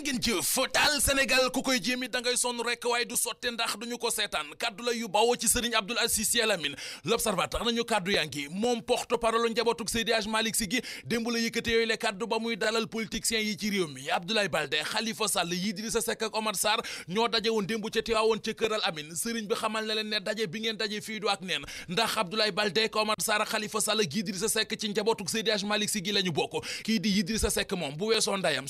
jërë ngeen jëf taal Sénégal ku koy jéemi da ngay sonn rek waaye du sotte ndax duñu ko seetaan kaddu la yu bawoo ci sëriñ Abdoul Aziz Sy Al Amine l'observateur nañu kaddu yaa ngi moom porte parole njabootug Seydi Hadj Malick Sy gi démb la yëkkate yooyu le kaddu ba muy dalal politiciens yi ci réew mi Abdoulaye Baldé Khalifa Sall yi Idrissa Seck ak Omar Sarr ñoo daje woon démb ca Tiwaawoon ca kër Al Amine sëriñ bi xamal na leen ne daje bi ngeen daje fii du ak neen ndax Abdoulaye Baldé ak la ñu bokk kii di Idrissa Seck moom bu weesoo ndayam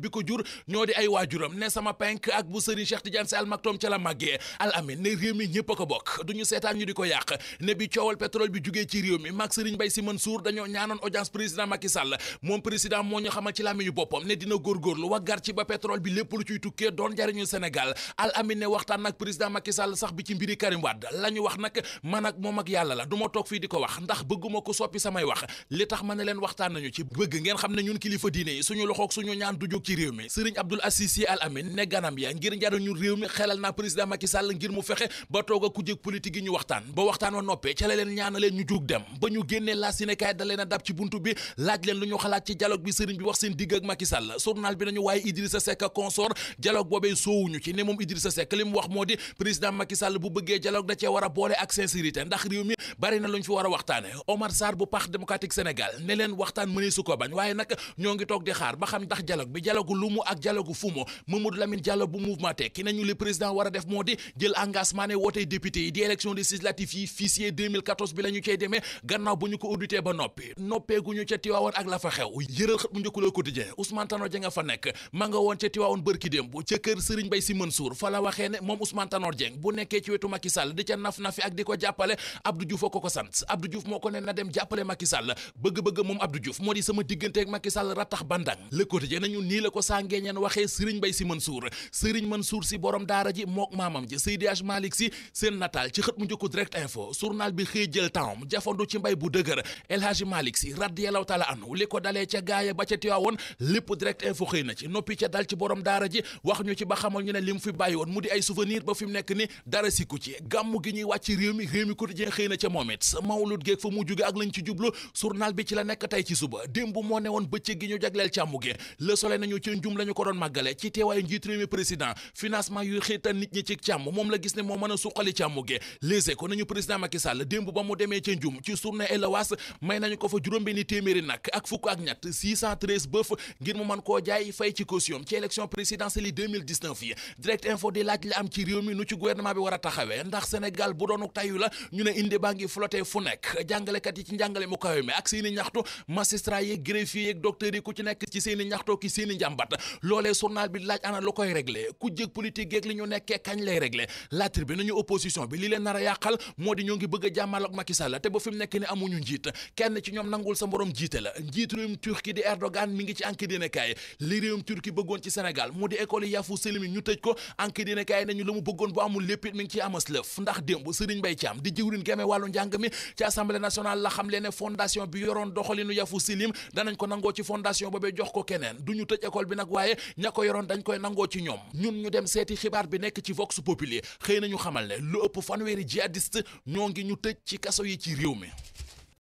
bi ko jur ñoo di ay waajuram ne sama penk ak bu sëriñ Cheikh Tidiane Sy Al Maktoum ca la màggee al amin ne réew mi ñëpp a ko bokk duñu seetaan ñu di ko yàq ne bi coowal pétrole bi jugee ci réew mi mag sëriñ Bay Si Mansour dañoo ñaanoon audience président Macky Sall moom président moo ñu xamal ci làmmiñu boppam ne dina góorgóorlu waggar ci ba pétrole bi lépp lu ciy tukkee doon jariñu Sénégal al amin ne waxtaan nag président Macky Sall sax bi ci mbiri Karim Wade la ñu wax nag man ak di ko wax ndax bëgguma ko soppi ma ne leen waxtaan nañu ci bëgg ngeen xam ne ñun kilifa diine yi suñu loxoog suñu ñaan du ci réew mi Serigne Abdoul Aziz Al Amine ne ganam ya ngir njariñu réew mi xelal naa président Macky ngir mu fexe ba toog a kujjeg politique yi ñu waxtaan ba waxtaan wa noppee ca ñaanaleen ñu jug dem ba ñu génnee la sinekaay da a dab ci buntu bi laaj leen lu ñu xalaat ci dialogue bi Serigne bi wax seen digg ak Macky Sall bi nañu waaye Idrissa Seck consort dialogue boobee soowuñu ci ne moom Idrissa Seck li mu wax moo di président Macky a a dialogu lumu ak dialogu fumo Mamadou Lamine Diallo bu mouvement tekki nañu li président war a def moo di jël engagement ne wootee député yi di élection législative yi fichier 2014 bi la ñu cay gannaaw bu ñu ko audité ba noppi noppeeguñu ca Tiwaawoon ak la fa xew yëral xët mu njëkk Le Quotidien Ousmane Tanor Dieng nga fa nekk ma nga woon ca Tiwaawoon bërki démb ca kër Serigne Mbaye Sy Mansour fa la waxee ne moom Ousmane Tanor Dieng bu nekkee ci wetu Macky la ko saa ngeeñeen waxee sëriñ bay si Mansour sëriñ si borom daara ji mook maamam ji Seydi Hadj Malick si seen nataal ci xët mu njëkku direct info journal bi xëy jël tempsam bu dëgër El Hadj Malick si radiyallahu taala anhu li ba ca Tiwaawoon lépp direct info xëy na ci noppi ca dal ci borom daara ji wax ñu ci ba xamal ñu ne li mu fi bàyyi woon mu di ay souvenir ba fi mu nekk ni dara sikku ci gàmm gi ñuy wàcc réew mi réew mi quotidien xëy na ca moom it mawlud géeg fa mu jóge ak lañ ci jublu journal bi ci la nekk tey ci suba démb moo ne woon bëccëg gi ñu jagleel nañu ci njum la ko doon màggale ci teewaayu njiit réew mi président financement yu xiirtal nit ñi ci càmm moom la gis ne moo mën a suqali càmm gi démb ba mu demee ca njum ci journée élevage may nañu ko fa juróom-benni téeméeri nag ak fukk ak ñett 613 bëf ngir mu mën koo jaay fay ci caution ci élection présidentielle yi 2019 yi direct info di laaj la am ci réew mi nu ci gouvernement bi war a taxawee ndax Sénégal bu doonu jàmbat loolee journal bi laaj ana lu koy réglé ku jëg politique geeg li ñu nekkee kañ lay réglé la tribune ñu opposition bi li leen nar a yàqal moo di ñoo ngi bëgg a jàmmal ak te ba fi nekk ni amuñu njiit kenn ci ñoom nangul sa morom jiite la njiit réewum di Erdogan mi ngi ci enquête dina kaay li réewum Turquie bëggoon ci Sénégal mu di école yi Yafou Selim ñu tëj ko enquête di jëwriñ gemee wàllu njàng mi ci assemblée nationale la xam école bi nag waaye ña ko yoroon dañ koy nangoo ci ñoom ñun ñu dem seeti xibaar bi nekk ci Vox Populi xëy nañu xamal ne lu ëpp fanweeri jihadiste ñoo ngi ñu tëj ci kaso yi ci réew mi